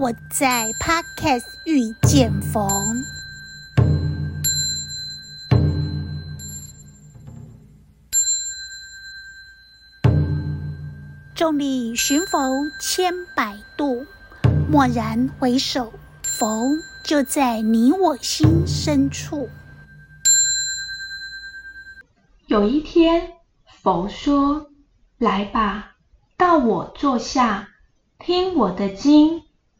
我在 Podcast 遇見佛。眾裡尋佛千百度，驀然回首，佛就在你我心深處。有一天，佛說：“來吧，到我坐下，聽我的經。”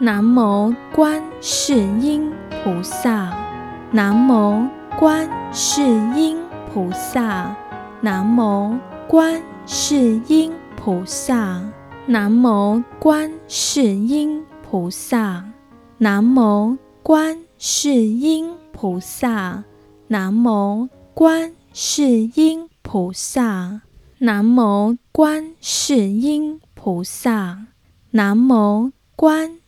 南無觀世音菩薩，南無觀世音菩薩，南無觀世音菩薩，南無觀世音菩薩，南無觀世音菩薩，南無觀世音菩薩，南無觀世音菩薩，南無觀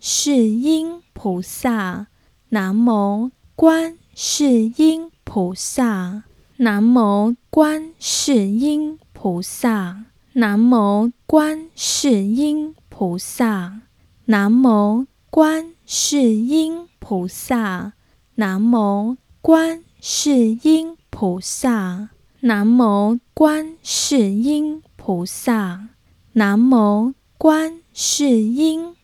世音菩薩，南無觀世音菩薩，南無觀世音菩薩，南無觀世音菩薩，南無觀世音菩薩，南無觀世音菩薩，南無觀世音菩薩，南無觀世音。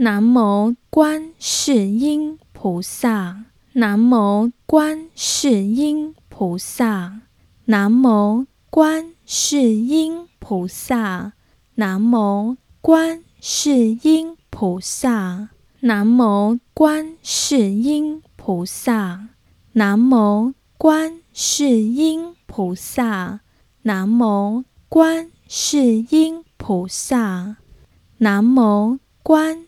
南無觀世音菩薩，南無觀世音菩薩，南無觀世音菩薩，南無觀世音菩薩，南無觀世音菩薩，南無觀世音菩薩，南無觀世音菩薩，南無觀